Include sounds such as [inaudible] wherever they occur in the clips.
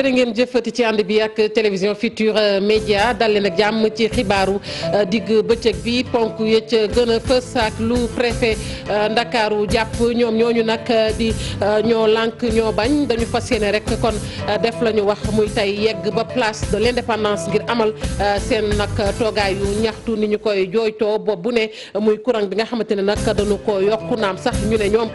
jërë ngeen jëfati ci ànd bi ak télévision Futurs euh, Médias dal na jàmm ci xibaaru euh, digg bëccëg bi ponk ya ca gën a fës ak lu préfet euh, Ndakaaru jàpp ñoom ñooñu nag di ñoo lànk ñoo bañ dañu fas yéene rek kon def la ñu wax muy tey yegg ba place de l'indépendance ngir amal seen nag toogaayu ñaxtu ni ñu koy jooytoo boobu bu ne muy courant bi nga xamante ne nag dañu ko yokku naam sax ñu ne ñoom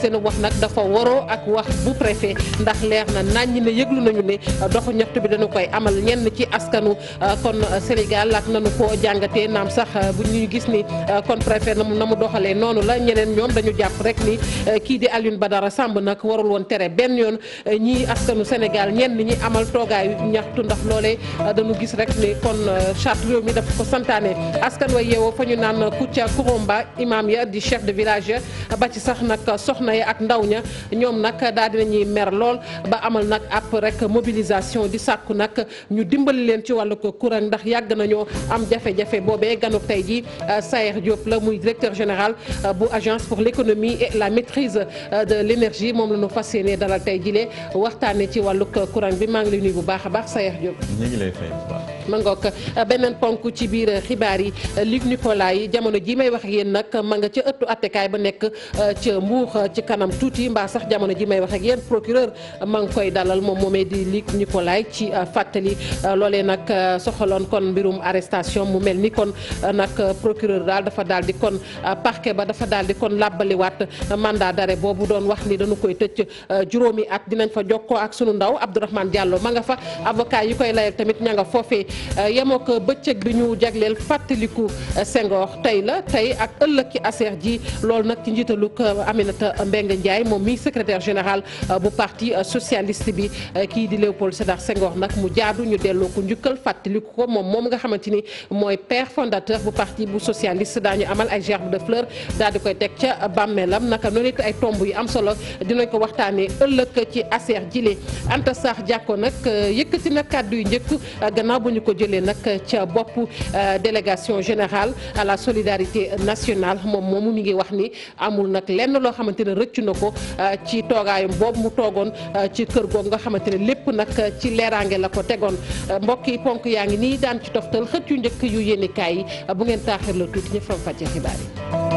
seen wax nag dafa waroo ak wax bu préfet ndax leer na nañ ne yëglu nañu ni doxu ñaxtu bi dañu koy amal ñenn ci askanu euh, kon euh, Sénégal ak nanu ko jàngatee naam sax euh, bu ñu gis ni kon préfet na mu doxalee noonu la ñeneen ñoom dañu jàpp rek ni kii di ba dara sàmb nag warul woon tere benn yoon ñii askanu Sénégal ñenn ñi amal toogaayu ñaxtu ndax loole dañu gis rek ni kon charte réew mi dafa ko santaane askan wa yeewoo fa ñu naan Kouthia Kouromba imam ya di chef de village ya ba ci sax nag soxna ya ak ndaw ña ñoom nag daal dinañuy mer lool mobilisation di sàkku nag ñu dimbali leen ci wàllu courant ndax yàgg nañoo am jafe-jafe boobee ganuk tay ji euh, Saer Diop la muy directeur général euh, bu agence pour l'économie et la maitrise euh, de l'énergie moom la ñu fas yéene dalal tey jilee lee waxtaane ci wàllu courant bi maa ngi lay nuyu bu baax a baax Saer Diop. ma ngoog euh, beneen ponk ci biir euh, xibaar yi euh, Luc Nicolaï jamono ji may wax ak yéen nag ma nga ca ëttu attekaay ba nekk ca mbuux ci kanam tuuti mbaa sax jamono ji may wax ak yéen procureur ma ngi koy dalal moom moomee di Luc Nicolaï ci fàttali loolee nag soxaloon kon mbirum arrestation mu mel ni kon nag procureur daal dafa daal di kon parquet ba dafa daal di kon làbbaliwaat mandat d'arrêt boobu doon wax ni dañu koy tëj juróomi at dinañ fa jokkoo ak sunu ndaw Abdourahmane Diallo ma nga fa avocat yi koy layal tamit ña nga Euh, yemoo ko bëccëg bi ñu jagleel fàttaliku euh, Senghor tey la tey ak ëllëg ci ASER ji loolu nag ci njiitaluk euh, Aminata Mbengue njaay moom mi secretaire général bu parti socialiste bi kii di Léopold Sédar Senghor nag mu jaadu ñu delloo ko njukkal fàttaliku ko moom moom nga xamante ni mooy père fondateur bu parti bu socialiste daañu amal ay gerbe de fleur daal di koy teg ca bàmmeelam naka noonu it ay tomb yu am solo dinañ ko waxtaanee ëllëg ci ASER ji lee Anta Sarr Diako nag yëkkati na kàddu yu njëkk ko jëlee nag ca bopp euh, délégation général à la solidarité nationale moom moom mi ngi wax ni amul nag lenn loo xamante ne rëccu na ko euh, ci toogaayam boobu mu toogoon euh, ci kër googu nga xamante ne lépp nag ci leeraange la ko tegoon mbokk yi ponk yaa ngi nii daan ci toftal xët yu njëkk yu yéenekaay yi bu ngeen taaxir la tuuti ñu faram fàccee xibaar yi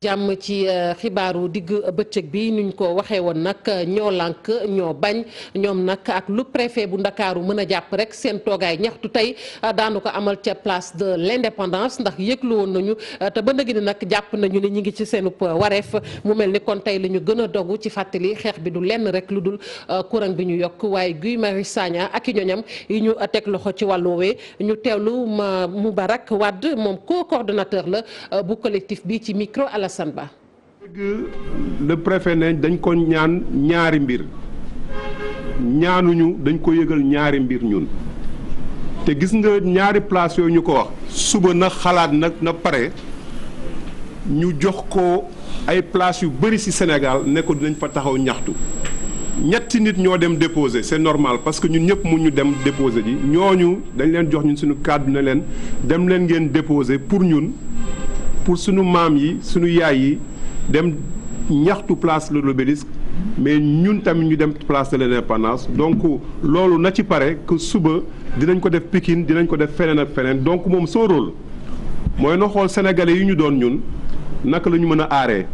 jàmm ci euh, xibaaru digg bëccëg bi nuñ ko waxee woon nag ñoo lànk ñoo bañ ñoom nag ak lu préfet bu ndakaaru mën a jàpp rek seen toogaay ñaxtu tey euh, daanu ko amal ca place de l'indépendance ndax yëglu woon nañu euh, te ba nëgg ni nag jàpp nañu ne ñu ngi ci seenu wareef mu mel ni kon tey li ñu gën a dogu ci fàttali xeex bi du lenn rek lu dul courant bi ñu yokk waaye Guy Marius Sagna ak i ñoñam yi ñu teg loxo ci wàllu woowee ñu teewlu Moubarak Wade moom co-coordonnateur la bu Alassane Ba. dëgg le préfet dañ ko ñaan ñaari mbir ñaanuñu dañ ko yëgal ñaari mbir ñun te gis nga ñaari place yooyu ñu ko wax suba na xalaat nag na pare ñu jox ko ay place yu bëri ci senegal ne ko dinañ fa taxaw ñaxtu ñetti nit ñoo dem déposé c'est normal parce que ñun ñëpp mu ñu dem déposé ji ñooñu dañ leen jox ñu suñu kàddu ne leen dem leen ngeen déposé pour ñun pour suñu maam yi suñu yaay yi dem ñaxtu place de l'Obélisque mais ñun tamit ñu dem place de l'Indépendance donc loolu na ci pare que suba dinañ ko def Pikine dinañ ko def feneen ak feneen donc moom son rôle mooy na xool sénégalais yi ñu doon ñun naka la ñu mën a aaree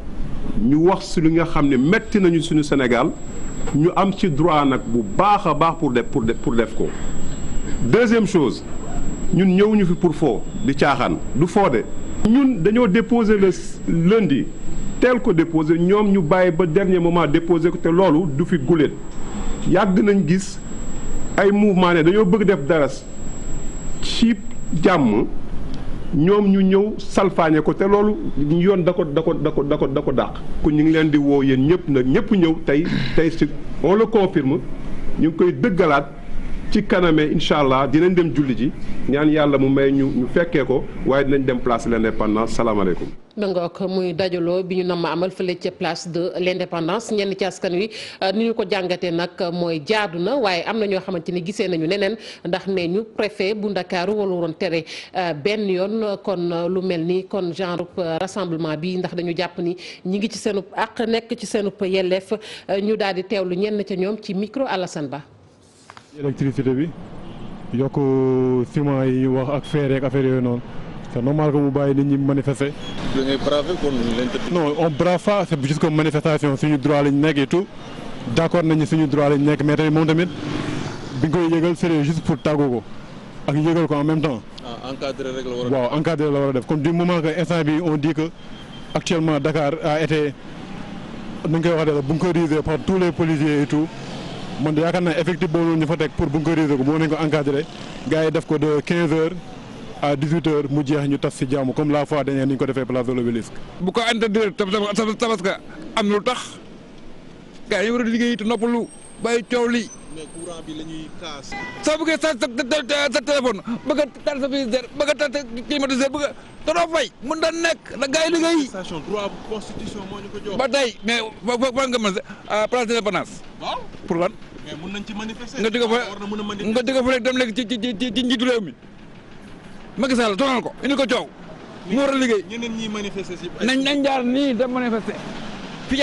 ñu wax si li nga xam ne metti nañu suñu Sénégal ñu am ci droit nag bu baax a baax pour def pour pour def ko deuxième chose ñun ñëwuñu fi pour foo di caaxaan du foo ñun dañoo déposer le lundi teel ko déposer ñoom ñu bàyyi ba dernier moment déposer ko te loolu du fi guléet yàgg nañ gis ay mouvement dañoo bëgg def daras ci jàmm ñoom ñu ñëw salfaañe ko te loolu yoon da ko da ko da ko da da ko dàq ku ñu ngi leen di woo yéen ñëpp nag ñëpp ñëw tey tey si on le ñu ngi koy dëggalaat ci kanamee incha allah dinañ dem julli ji ñaan yàlla mu may ñu ñu fekkee ko waaye dinañ dem place de l'indépendance salaamaaleykum. nangook muy dajaloo bi ñu namm amal fële ca place de l'indépendance ñenn ci askan wi euh, ni ñu ko jàngatee nag mooy jaadu na waaye am na ñoo xamante ni gisee nañu neneen ndax ne ñu préfet bu ndakaaru wala woon tere euh, benn yoon kon euh, lu mel ni kon genre rassemblement bi ndax dañu jàpp ni ñi ngi ci seenu àq nekk ci seenu yelleef ñu daal di teewlu ñenn ca ñoom ci micro Alassane Ba. électricité bi yokk ciment yi wax ak fer ak affaire yooyu noonu c'est normal que mu bàyyi nit ñi manifester. da on brave pas c'est juste comme manifestation suñu droit lañ nekk et tout d'accord nañu suñu droit lañ nekk mais tamit moom tamit bi nga koy yëgal c'est juste pour tàggu ko ak yëgal ko en même temps. ah encadré rek la war a def waaw encadré la war a def comme du moment que instant bi on dit que actuellement Dakar a été nu ñu koy waxee bunkerisé par tous les policiers et tout. man yaakaar naa effectif boobu noonu ñu fa teg pour bunkeriser ko moo nañ ko encadré gars yi def ko de 15 heures à 18 heures mu jeex ñu tas si jàmm comme la fois dernière ni ñu ko defee place de l'Obélisque. bu ko interdire tabaska am na lu tax gars yi war a liggéey te noppalu bàyyi coow li. mais courant bi la ñuy kaas. soo bëggee sa sa téléphone bëgg a taal sa frigidaire bëgg a taal sa climatiseur bëgg a te doo fay mun da nekk da gars yi liggéey. station droit constitution moo ñu ko jox. ba tey mais foo foo nga mën a euh, place de l'Indépendance. waaw pour lan. mais mun nañ ci manifester. nga jóge fa nga jóge fa dem léegi ci ci ci ci njiitu réew mi Macky ko indi ko coow. mu war a liggéey ñeneen ñi si. nañ nañ jaar nii dem manifester fii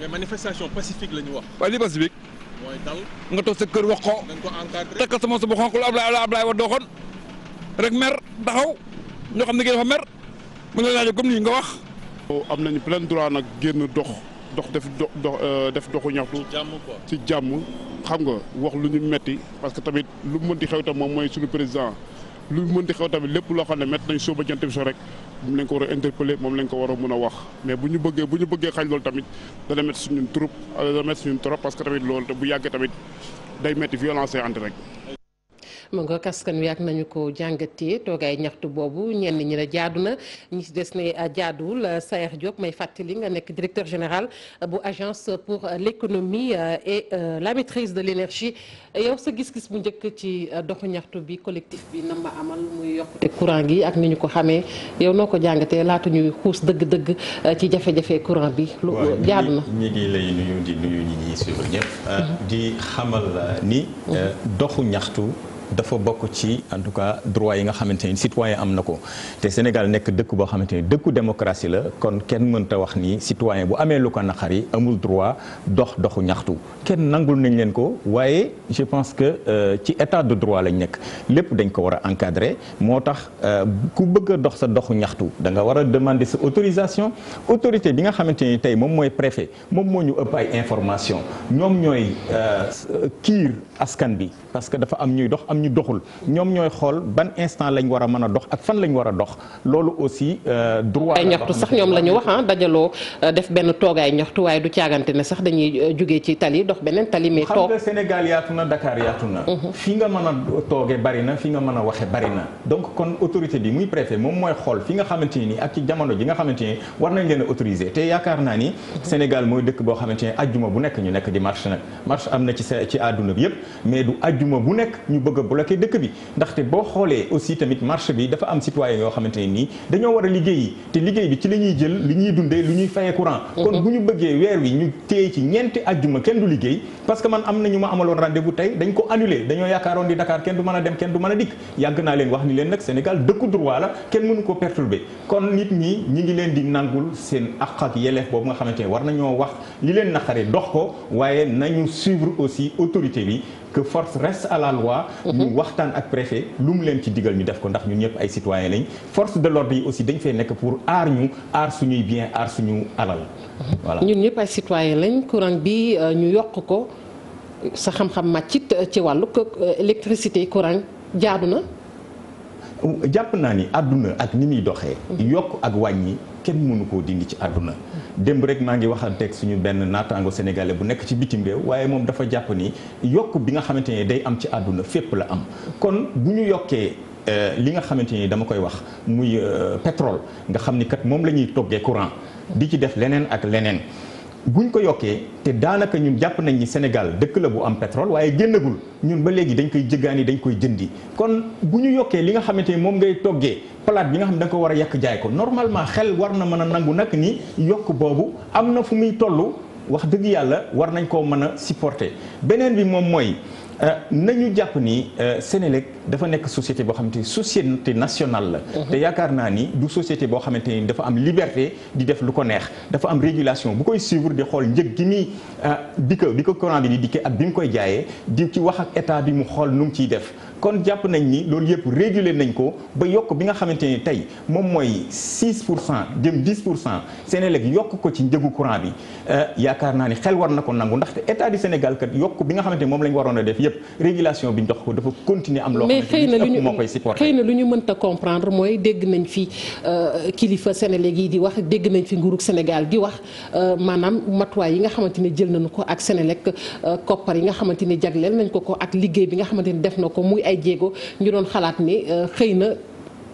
mais manifestation pacifique la ñu wax. waaye li pacifique. mooy dal nga toog sa kër wax ko. dañ ko encadré takk sama bu xonq la Ablaye Ablaye wa dooxoon rek mer taxaw ñoo xam ne kii dafa mer mu la laajee comme nii nga wax. o am nañu plein droit nag génn dox dox def dox euh, def doxu ñaxtu. ci jàmm ci jàmm xam nga wax lu ñu metti parce que tamit lu mu mënti xew tam moom mooy suñu président. lu mënti xew tamit lépp loo xam ne métt nañ sóoba jant bi so rek moom lañ ko war a moom lañ ko war a mën a wax mais bu ñu bëggee bu ñu bëggee xañ loolu tamit dana métti suñun trop dana métti suñun trop parce que tamit loolu te bu yàggee tamit day métti violence entre rek ma nga kaskan wi ak nañu ko jàngatee toogaay ñaxtu boobu ñenn ñi ne jaadu na ñi si des ni ah, jaaduwul Saer Diop may fàttali nga nekk directeur général bu agence pour l'économie euh, et euh, la maîtrise de l'énergie yow sa gis-gis bu njëkk ci euh, doxu ñaxtu bi collectif bi na ma amal muy yokkute courant gi ak ni ñu ko xamee yow noo ko jàngatee laata ñuy xuus dëgg-dëgg ci jafe-jafe courant bi. lu jaadu na ñi ngi lay nuyu di nuyu ñi ñuy suivre ñëpp. Mhm. di xamal ni mhm. doxu ñaxtu. dafa bokk ci en tout cas droit yi nga xamante ni citoyen am na ko te Sénégal nekk dëkk boo xamante ni dëkku démocratie la kon kenn mënta wax nii citoyen bu amee lu ko naqari amul droit dox doxu ñaxtu kenn nangul nañ leen ko waaye je pense que euh, ci état de droit lañ nekk lépp dañ ko war a encadrer moo tax euh, ku bëgg a dox sa doxu ñaxtu da nga war a demander sa autorisation autorité bi nga xamante ni tey moom mooy préfet moom moo ñu ëpp ay information ñoom ñooy euh, kiir askan bi parce que dafa am ñuy dox am ñu doxul ñoom ñooy xool ban instant lañ war a mën a dox ak fan lañ war a dox loolu aussi euh, droit ay ñaxtu sax ñoom la ñu wax ah dajaloo euh, def benn toogaay ñaxtu waaye du caagante ne sax dañuy euh, jógee ci tali dox beneen tali mais toog xam nga Sénégal na mhm. fi nga mën a toogee bari na fi nga mën a waxe bari na donc kon autorité bi muy préfet moom mooy xool fi nga xamante ni ak ci jamono ji nga xamante ni war nañ leen a autoriser te yaakaar naa ni mhm. Sénégal mooy dëkk boo xamante ni ajjuma bu nekk ñu nekk di marche nag marche am na ci ci àdduna yëpp mais du ajjuma bu nekk ñu bëgg a dëkk bi ndaxte boo xoolee aussi tamit marché bi dafa am citoyen yoo xamante ne nii dañoo war a liggéeyi te liggéey bi ci la ñuy jël li ñuy dundee lu ñuy fayee courant mhm. kon bu ñu bëggee weer wi ñu téye ci ñeenti ajjuma kenn du liggéey parce que man am na ñu ma amaloon rendez-vous tey dañ ko annulé dañoo yaakaaroon di Dakar kenn du mën a dem kenn du mën a dikk yàgg naa leen wax ni leen nag Sénégal dëkku droit la kenn mënu ko perturbé kon nit ñi ñi ngi leen di nangul seen àq ak yelleef boobu nga xamante ne war nañoo wax li leen naqare dox ko waaye nañu suivre aussi autorité bi que force reste à la loi. Mhm. ñu waxtaan ak préfet lu mu leen ci digal ñu def ko ndax ñun ñëpp ay citoyen lañ force de l'ordre yi aussi dañ fee nekk pour aar ñu aar suñuy bien aar suñu alal. voilà ñun ñëpp ay citoyen lañ courant bi euh, ñu yokk ko sa xam-xam màccit euh, ci wàllu euh, électricité courant jaadu na. jàpp naa ni àdduna ak ni muy doxee. Mhm. yokk ak wàññi. kenn mënu koo dindi ci àdduna démb rek maa ngi waxanteeg suñu benn naataango sénégalais bu nekk ci bitim réew waaye moom dafa jàpp ni yokk bi nga xamante ne day am ci àdduna fépp la am kon bu ñu yokkee euh, li nga xamante ni dama koy wax muy euh, pétrole nga xam ni kat moom la ñuy toggee courant di ci def leneen ak leneen buñ ko yokkee te daanaka ñun jàpp nañ ni Sénégal dëkk la bu am pétrole waaye génnagul ñun ba léegi dañ koy jëggaani dañ koy jëndi kon bu ñu yokkee li nga xamante ni moom ngay toggee palaat bi nga xam ne da ko war a yàq jaay ko normalement xel war na mën a nangu nag ni yokk boobu am na fu muy toll wax dëgg yàlla war nañ koo mën a supporter beneen bi moom mooy. Euh, nañu jàpp ni euh, Sénélec dafa nekk société boo xamante ni société nationale la. Mhm. te yaakaar naa ni du société boo xamante ni dafa am liberté di def lu ko neex dafa am régulation bu koy suivre di xool njëg gi muy euh, di ko di ko courant bi di dikkee ak bi mu koy jaayee di ci wax ak état bi mu xool nu mu ciy def. kon jàpp nañ ni loolu yëpp réguler nañ ko ba yokk bi nga xamante ni tey moom mooy 6 pour cent jëm 10 pour cent Senelec yokk ko ci njëgu courant bi euh, yaakaar naa ni xel war na ko nangu ndaxte état du Sénégal kat yokk bi nga xamante ni moom lañ waroon a def yëpp régulation bi ñu jox ko dafa continuer am loo xamante ni moo koy supporté na lu ñu mënta comprendre mooy dégg nañ fi euh, kilifa Senelec yi di wax dégg nañ fi nguurug Sénégal di wax euh, maanaam matuwaay yi nga xamante ne jël nañu ko ak Senelec koppar yi nga xamante ne jagleel nañ ko ko ak liggéey bi nga xamante ne def na ko muy ay ñu doon xalaat ni euh, xëy na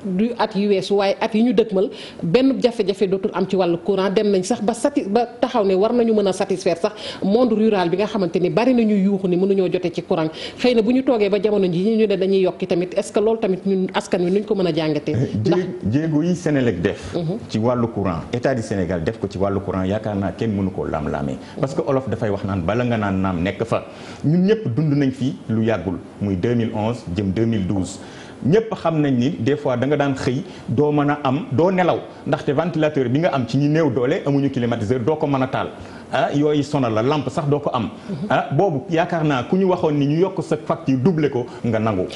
du at yu weesu waaye at yi ñu dëgmal benn jafe-jafe dootul am ci wàllu courant dem nañ sax ba sati ba taxaw ne war nañu mën a satisfaire sax monde rural bi nga xamante ni bari nañu yuuxu ni mënuñoo jote ci courant xëy na bu ñu toogee ba jamono ji ñu ne dañuy yokki tamit est-ce que loolu tamit ñun askan wi nuñ ko mën a jàngatee. Eh, ndax jéego yi Sénélec def. Mhm. ci wàllu courant état du Sénégal def ko ci wàllu courant yaakaar naa kenn mënu koo lam-lamee. Mhm. parce que olof dafay wax naan bala nga naan naam nekk fa ñun ñëpp dund nañ fi lu yàggul muy 2011 jëm 2012 ñëpp xam nañ ni des fois da daan xëy doo mën a am doo nelaw ndaxte ventilateur bi nga am ci ñi néew doole amuñu climatiseur doo ko mën a taal ah yooyu sonal la lampe sax doo ko am. Mhm. ah boobu yaakaar naa ku ñu waxoon ni ñu yokk sa facture doublé ko nga nangu.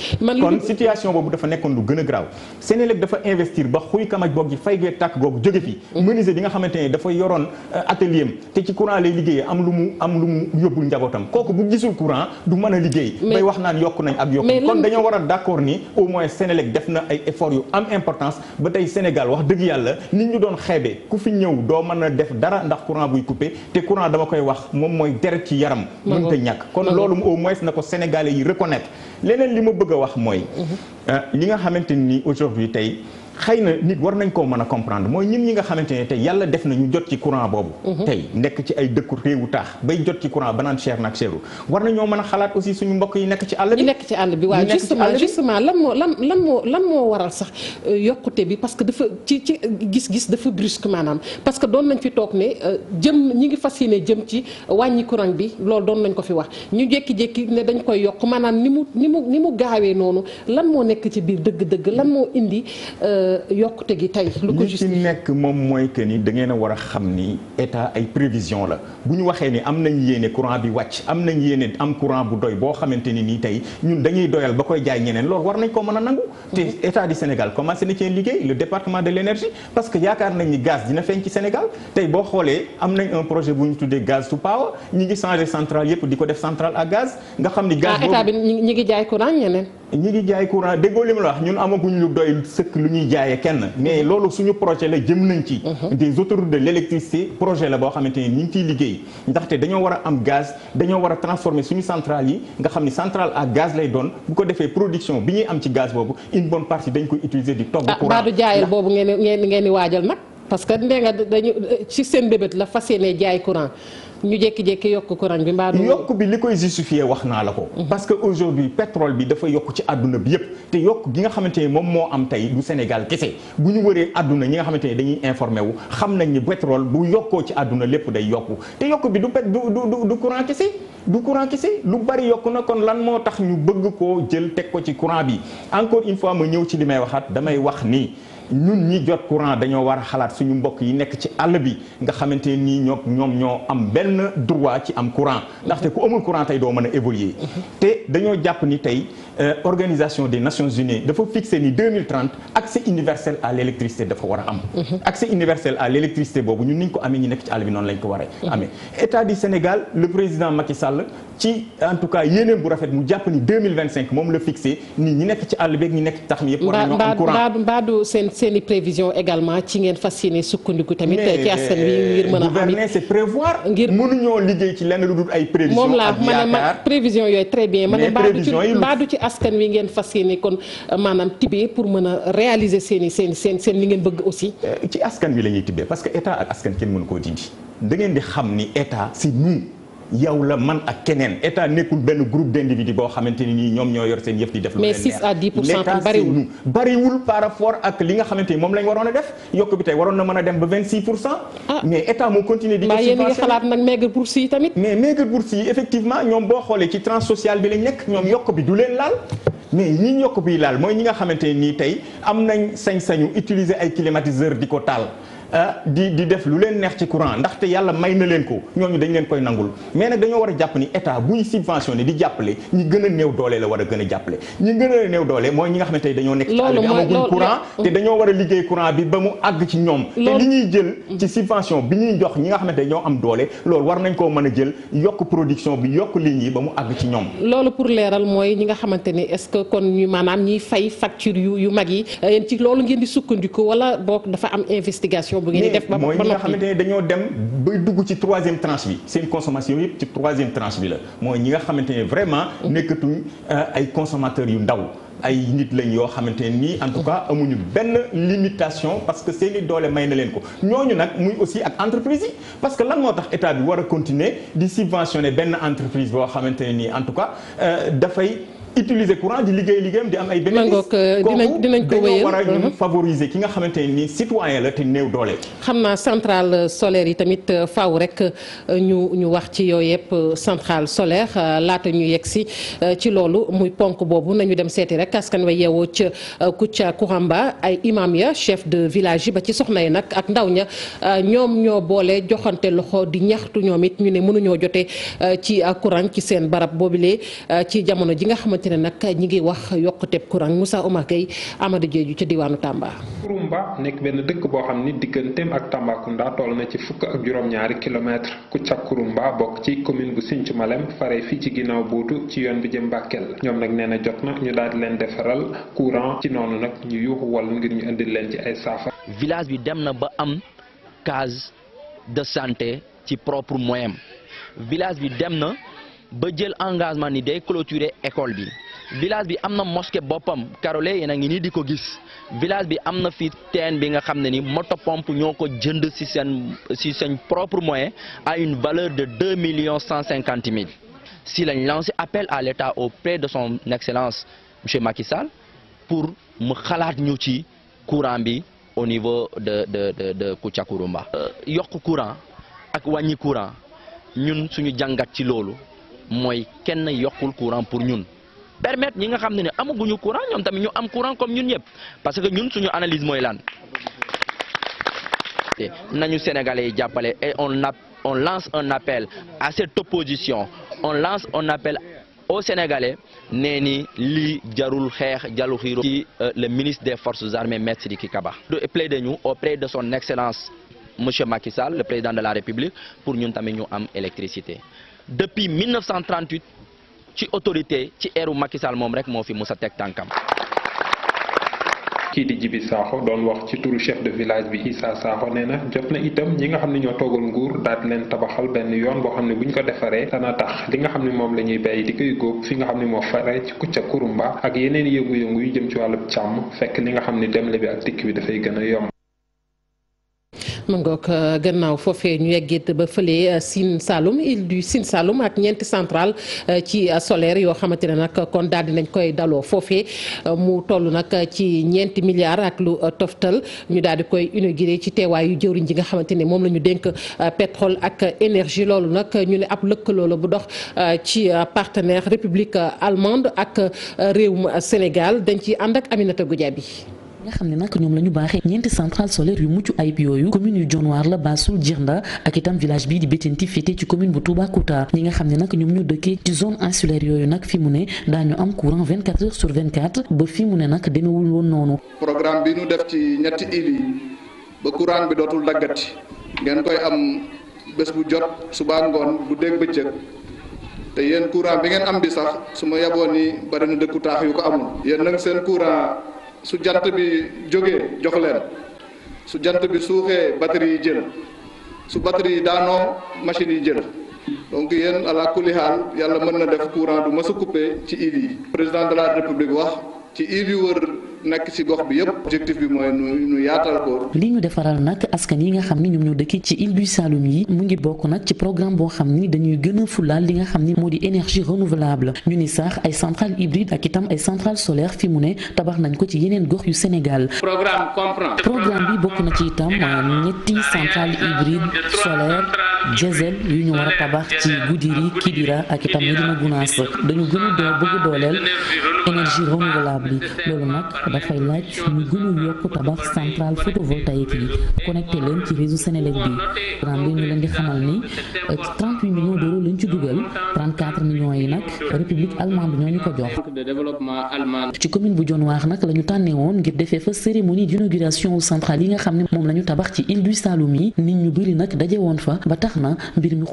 kon situation boobu dafa nekkoon lu gën a graaw. Senelec dafa investir ba xuy kamaj boog ji fay gee tàkk googu jóge fi. Mhm. menuisier bi nga xamante ne dafa yoroon euh, atelier am te ci courant lay liggéeyee am lu mu am lu mu yóbbul njabootam kooku bu gisul courant du mën a liggéey. bay wax naan yokk nañ ak yokk kon dañoo war a d'accord ni au moins Senelec def na ay efforts yu am importance ba tey Sénégal wax dëgg yàlla nit ñu doon xeebe ku fi ñëw doo mën a def dara ndax courant buy coupé te courant dama koy wax moom mooy deret ci yaram mënta ñàkk kon loolu au moins na ko sénégalais yi reconnaître leneen li ma bëgg a wax mooy euh, li nga xamante ni aujourd'hui tey xëy na nit war nañ koo mën a comprendre mooy ñun ñi nga xamante ne tey yàlla def na ñu jot ci courant boobu. Mhm. tey nekk ci ay dëkku réewu taax bay jot ci courant ba naan cher nag seeru war nañoo mën a xalaat aussi suñu mbokk yi nekk ci àll bi. ñu nekk ci àll bi waaw justement justement lan moo lan lan moo lan moo waral sax euh, yokkute bi parce que dafa ci ci gis-gis dafa brusque maanaam parce que doon nañ fi toog ne euh, jëm ñi ngi fas yéene jëm ci euh, wàññi courant bi loolu doon nañ ko fi wax ñu jékki-jékki ne dañ koy yokk maanaam ni mu ni mu ni mu gaawee noonu lan moo nekk ci biir dëgg-dëgg lan moo indi yokkute gi tey. lu ko justifié nekk moom mooy que ni da ngeen a war a xam ni état ay prévision la bu ñu waxee ni am nañ yéene courant bi wàcc am nañ yéene am courant bu doy boo xamante ni nii tey ñun dañuy doyal ba koy jaay ñeneen loolu war nañ ko mën a nangu. te mm-hmm. état du Sénégal commencé na cee liggéey le département de l' parce que yaakaar nañ ni gaz dina feeñ ci Sénégal tey boo xoolee am nañ un projet bu ñu tuddee gaz to power ñi ngi changé centrale yëpp di ko def centrale à jaaye kenn mais mhm. loolu suñu projet la jëm nañ ci mhm. des autoroutes la boo xamante ni ñu ngi liggéey ndaxte dañoo war a am gaz dañoo war a transformer suñu centrale yi nga xam ni centrale à gaz lay doon bu ko defee production bi ñuy am ci gaz boobu une bonne partie dañ koy utiliser di togg ah, courant baadu jaayal boobu ngeen ngeen ngeen di waajal nag parce que nee dañu ci seen bébét la fas yéene jaay courant ñu jékki-jékki yokk courant bi mbaa yokk bi li koy justifier wax naa la ko. Mhm. parce que aujourd'hui pétrole bi dafa yokk ci àdduna bi yëpp te yokk gi nga xamante moom moo am tey Sénégal kese bu ñu wëree àdduna ñi nga xamante ni dañuy informé wu xam nañ ni pétrole bu yokkoo ci àdduna lépp day yokku te yokk bi du pet du du du courant kese du courant kese lu bari yokk na kon lan moo tax ñu bëgg ko jël teg ko ci courant bi encore une fois ma ñëw ci li may waxaat damay wax nii. ñun ñi jot courant dañoo war a xalaat suñu mbokk yi nekk ci àll bi nga xamante nii ñoo ñoom ñoo am benn droit ci am courant ndaxte ku amul courant tey doo mën a évoluer mm-hmm. te dañoo jàpp ni tey Euh, organisation des nations unies dafa fixé ni accès universel à l' dafa war a am. Mhm. accès universel à l' boobu ñun ni ñu ko amee ñu nekk ci àll bi noonu lañ ko waree. Mhm. amee état du Sénégal le président Macky Sall ci en tout cas yéeneen bu rafet mu jàpp ni moom la fixé ni ñi nekk ci àll beeg ñi nekk tax mi yëpp. i ci ngeen fas yéene sukkandiku tamit. ci askan wi ngir mën a am gouverner c'est prévoir. liggéey ci lenn lu dul ay prévisions. moom laa askan wi ngeen fas yéene kon euh, maanaam tibbee pour mën a réaliser seen i seen seen seen li ngeen bëgg aussi. Euh, ci askan wi la ñuy tibbee parce que état ak askan kenn mënu koo dindi da ngeen di xam ni état c'est nous. yow la man a keneen état nekkul benn groupe d' individu boo xamante ne nii ñoom ñoo yor seen yëf di def. lu leen neex a 6 bariwul par rapport ak li nga xamante ni moom lañ waroon a def yokk bi tey waroon na mën a dem ba 26 pour cent. Ah. mais état moo continuer di. mbaa yéen a ngi xalaat nag maigre bourse yi tamit. mais maigre bourse yi effectivement ñoom boo xoolee ci tranche sociale bi lañ nekk ñoom yokk bi du leen laal. mais ñi ñu yokk bi laal mooy ñi nga xamante ne nii tey am nañ sañ-sañu utiliser ay climatiseur di ko taal. Ah, di di def lu leen neex ci courant te yàlla may na leen ko ñooñu dañ leen koy nangul mais nag dañoo war a jàpp ni état buy subventionné di jàppale ñi gën a néew doole la war a gën a jàppale ñi gën a néew doole mooy ñi nga xam tey dañoo nekk ci àll bi war a liggéey courant bi ba mu àgg ci ñoom te li ñuy mm-hmm. bi ñuy jox ñi nga xamante ñoo am doole loolu war nañ koo mën a jël yokk production bi yokk ligne yi ba mu àgg ci ñoom loolu pour leeral mooy ñi nga xamante ni est-ce que kon ñu maanaam ñiy fay facture yu mag yi euh, yéen ci loolu ngeen di sukkandiku wala boog dafa am investigation consommation bu ngeen di def. ba mooy ñi nga xamante ne dañoo dem ba dugg ci troisième tranche bi seen consommation yëpp ci troisième tranche bi la mooy ñi nga xamante ne vraiment. nekkatuñ euh, ay consommateurs yu ndaw. ay nit lañ yoo xamante ne nii en tout cas amuñu benn limitation parce que seen seeni doole may na leen ko ñooñu nag muy aussi ak entreprise yi parce que lan moo tax état bi war a continuer di subventionner benn entreprise boo xamante ne nii en tout cas euh, dafay. utiliser courant di liggéey liggéeyam di am ay bénéfice euh, kooku dañoo war a ñun mhm. ki nga xamante ni citoyen la te néew doole xam naa centrale solaire yi tamit euh, faw rek euh, ñu ñu wax ci yooyu yëpp centrale solaire laata ñu yegg si ci loolu muy ponk boobu nañu dem seeti rek askan wa yeewoo ca Kouthia Kouramba ay imam ya chef de village yi ba ci soxna yi nag ak ndaw ña ñoom ñoo boole joxante loxo di ñaxtu ñoom it ñu ne mënuñoo jote ci courant ci seen barab boobilee ci jamono ji nga xamante rawatina nag ñi ngi wax yokkuteb courant Moussa Oumar Gueye Amadou Diédhiou ca diwaanu Tamba. Kurumba nekk benn dëkk boo xam ni digganteem ak Tambacounda tool na ci fukk ak juróom-ñaari kilomètre Kouthia Kurumba bokk ci commune bu Sinthiou Malem fare fii ci ginnaaw buutu ci yoon bi jëm Bakel ñoom nag nee na jot na ñu daal di leen defaral courant ci noonu nag ñu yuuxu wal ngir ñu indil leen ci ay saafara. village bi dem na ba am case de santé ci propre moyen village bi dem na ba jël engagement ni day école bi. village bi am na mosquée boppam karole yéen a ngi nii di ko gis village bi am na fi teen bi nga xam ne ni moto pomp ñoo ko jënd si seen ci seen propre moyen à une valeur de deux millions cent cinquante mille si lañ lancé appel à l'État auprès de son excellence monsieur Macky Sall pour mu xalaat ñu ci courant bi au niveau de de de de Kountchakourumba euh, yokk courant ak wàññi courant ñun suñu jàngat ci loolu mooy kenn yokkul courant pour ñun permettre ñi nga xam ne ne amaguñu courant ñoom tamit ñu am courant comme ñun ñëpp parce que ñun suñu analyse mooy lan nañu sénégalais yi jàppale et on a on lance un appel à cette opposition on lance un appel au sénégalais nee ni jarul xeex jalu xiiro ci euh, le ministre des forces armées maître Sidiki caba plaide ñu auprès de son excellence monsieur Macky Sall le président de la république pour ñun tamit ñu am électricité depuis 1938 ci autorité ci eeru Macky moom rek moo fi mus a teg tànkam. kii di Jibi Sakho doon wax ci turu chef de village bi Issa Sakho nee na jot na itam ñi nga xam ne ñoo toogal nguur daal leen tabaxal benn yoon boo xam ne bu ko defaree dana tax li nga xam ne moom la ñuy béy di koy góob fi nga xam ne moo fare ci Kouthia Kouroumba ak yeneen yëngu-yëngu yu jëm ci wàllu càmm fekk li nga xam ne demle bi ak dikk bi dafay gën a yomb. ma ngoog euh, gannaaw foofee ñu yeggit ba fële euh, Sine Saloum île du Sine Saloum ak ñeenti centrale euh, ci solaire yoo xamante ne nag kon daal di nañ koy daloo foofee mu toll nag ci ñeenti milliards ak lu toftal ñu daal di koy inauguré ci teewaayu jëwriñ ji nga xamante ni moom la ñu dénk pétrole ak énergie loolu nag ñu ne ab lëkkaloo la bu dox ci partenaire république allemande ak réewum Sénégal dañ ci ànd ak Aminata bi nga xam ne nag ñoom lañu baaxee ñeenti centrale solaire yu mucc ayib yooyu commune yu Dionewar la Bassoul Djirnda ak itam village bii di Bettenty féete ci commune bu Toubacouta ñi nga xam ne nag ñoom ñu dëkkee ci zone insulaire yooyu nag fi mu ne daañu am courant 24 ba fi mu ne nag demewul woon noonu. programme bi ñu def ci ñetti îles yi ba courant bi dootul daggati ngeen koy am bés bu jot suba ngoon bu dégg bëccëg. te yéen courant bi ngeen am bi su ma yaboo ni bari na dëkku taax yu ko amul su jant bi jógee jox leen su jant bi suuxee batterie yi jël su batterie yi daanoo machine yi jël donc yéen ala kulli xaal yàlla mën na def courant du ma a coupé ci île yi président de la république wax ci île yu wër nekk ci li ñu defaral nag askan yi nga xam ni ñoom ñoo dëkk ci île du yi mu ngi bokk nag ci programme boo xam ni dañuy gën a fulaal li nga xam ni moo di énergie renouvelable ñu ni sax ay centrale hybride ak itam ay centrale solaire fi mu ne tabax nañ ko ci yeneen gox yu senegal programme bi bokk na ci itam ñetti centrale hybride solaire diesel yu ñu war a tabax ci Goudiri Kidira ak itam Médina Gounass dañu gën a doo bëgg dooleel énergie renouvelable yi loolu dafay laaj ñu gën a yokk tabax centrale photovoltaïque yi connecté leen ci réseau Sénélec bi programme ñu leen di xamal ni ci euh, 38 millions d'euros lañ ci dugal 34 millions yi nag république allemande ñoo ñu ko jox. ci commune bu Dionewar nag la ñu tànnee woon ngir defee fa cérémonie d'inauguration centrale yi nga xam ne moom la ñu tabax ci île du Saloum yi nit ñu bëri nag daje woon fa ba tax na mbir mi.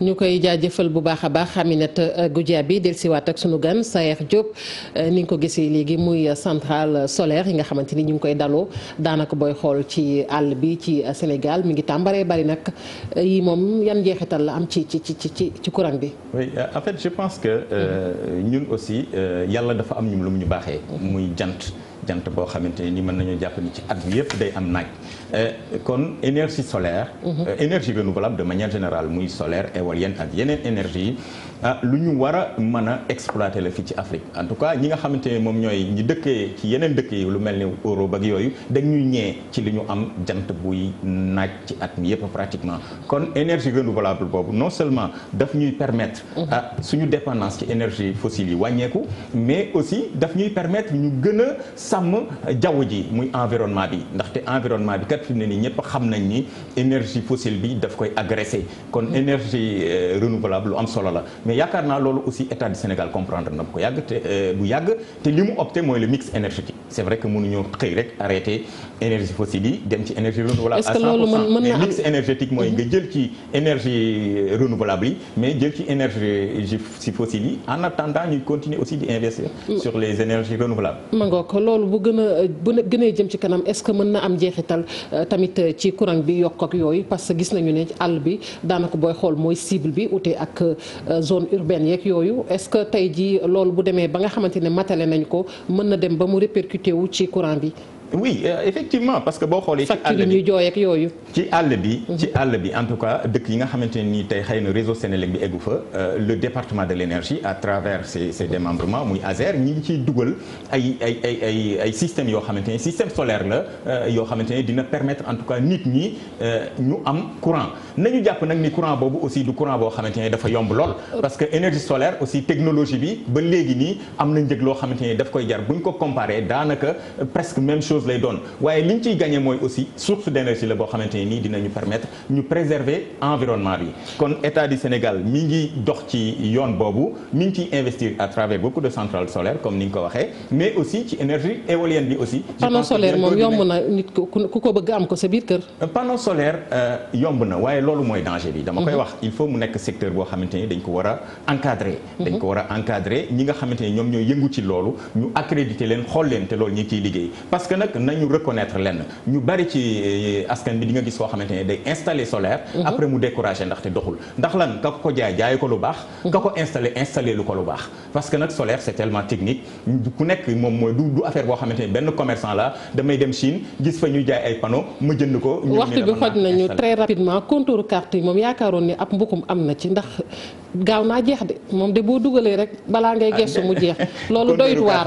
ñu koy jaajëfal bu baax a baax Aminata Goudiaby dellusiwaat ak suñu gan sa Diop eh, ni nga ko gisee léegi muy central solaire yi nga xamante ni ñu ngi koy daloo daanaka booy xool ci àll bi ci Sénégal mi ngi tàmbaree bari nag eh, yi moom yan jeexital la am ci ci ci ci ci courant bi. oui euh, en je pense que euh, ñun aussi euh, yàlla dafa am ñu lu mu ñu baaxee. Mm-hmm. muy jant jant boo xamante ni mën nañu jàpp ni ci at bi yëpp day am naaj. Euh, kon énergie solaire. Mhm. Euh, énergie renouvelable de manière générale muy solaire éolienne ak yeneen énergie ah lu ñu war a mën a exploiter la fii ci Afrique en tout cas ñi nga xamante ne moom ñooy ñi dëkkee ci yeneen dëkk lu mel ni Europe ak yooyu dañ ñuy ñee ci lu ñu am jant buy naaj ci at mi yëpp pratiquement kon énergie renouvelable boobu non seulement daf ñuy permettre. Mhm. ah suñu dépendance ci énergie fossile yi wàññeeku mais aussi daf ñuy permettre ñu gën a sàmm jaww ji muy environnement environnement bi leer fi mu ne nii ñëpp xam nañ ni énergie fossile bi daf koy agressé kon mm. énergie euh, renouvelable lu am solo la mais yaakaar naa loolu aussi état du Sénégal comprendre na bu ko yàgg te euh, bu yàgg te li mu opté mooy le mix énergétique c'est vrai que mënuñoo xëy rek arrêté énergie fossile yi dem ci énergie renouvelable à 100% mais mix mooy nga jël ci énergie renouvelable yi mais jël ci énergie si fossile yi en attendant ñuy continuer aussi di investir sur les énergies renouvelables ma nga ko loolu bu gën a bu gënee jëm ci kanam est-ce que mën na am jeexital euh, tamit euh, ci courant bi yokk ak yooyu parce que gis nañu ne àll bi daanaka booy xool mooy cible bi ute ak euh, zone urbaine yeeg yooyu est-ce que tey jii loolu bu demee ba nga xamante ne matale nañ ko mën na dem ba mu répercuté wu ci courant bi oui euh, effectivement parce que boo xoolee. ci àll bi jooy ak yooyu. ci àll bi ci mhm. àll bi en tout cas dëkk yi nga xamante ne nii tey xëy na réseau Sénélec bi eggu fa euh, le département de l'énergie à travers ses ses démembrements muy ASER ñi ngi ciy dugal ay ay ay ay ay systèmes yoo xamante ne système solaire la euh, yoo xamante ne dina permettre en tout cas nit ñi ñu am courant nañu jàpp nag ni courant boobu aussi du courant boo xamante ne dafa yomb lool. parce que énergie solaire aussi technologie bi ba léegi nii am na njëg loo xamante ne daf koy jar buñ ko comparé daanaka chose lay doon waaye li ñu ciy gagné mooy aussi source d'énergie la boo xamante ne nii dinañu permettre ñu préserver environnement bi kon état du Sénégal mi ngi dox ci yoon boobu mi ngi ciy investir à travers beaucoup de centrales solaires comme ni nga ko waxee mais aussi ci énergie éolienne bi aussi. panneau solaire moom yomb na nit ku ko bëgg am ko sa biir kër. Euh, panneau solaire euh, yomb na waaye loolu mooy danger bi. dama koy mhm. wax il faut mu nekk secteur boo xamante ni dañ ko war a encadrer. Mhm. dañ ko war a ñi nga xamante ni ñoom ñooy yëngu ci loolu ñu leen xool leen loolu ñi ciy liggéey parce nag nañu reconnaître lenn ñu bari ci euh, askan bi di nga gis koo xamante ne day installé solaire. Mhm. après mu découragé ndaxte doxul ndax lan ka ko jaay jaay ko lu baax. nga mhm. ko installé installé lu ko lu baax. parce que nag solaire c' est technique ku nekk moom mooy du affaire boo xamante ne benn commercant la damay dem Chine gis fa ñuy jaay ay panneau ma jënd ko. waxtu bi xoj nañu très rapidement contour carte yi moom yaakaaroon ni ab mbukum am na ci ndax gaaw naa jeex de moom de boo dugalee rek balaa ngay ah, gestu mu jeex. [laughs] loolu doy waar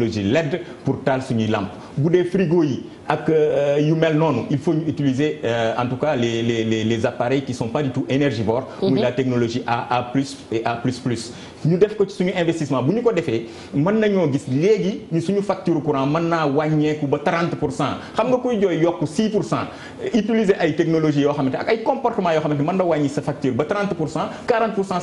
technologie LED pour taal suñuy làmp bu dee frigo yi ak euh, yu mel noonu il faut ñu utiliser euh, en tout cas les les les appareils qui sont pas du tout énergivores muy mm-hmm. la technologie A A plus et A plus plus ñu def ko ci suñu investissement bu ñu ko defee mën nañoo gis léegi ñu suñu facture courant mën naa wàññeeku ba xam nga koy jooy yokk 6 pour cent utiliser ay technologies yoo xamante ak ay comportement yoo xamante mën na wàññi sa facture ba 30 pour cent 40 pour cent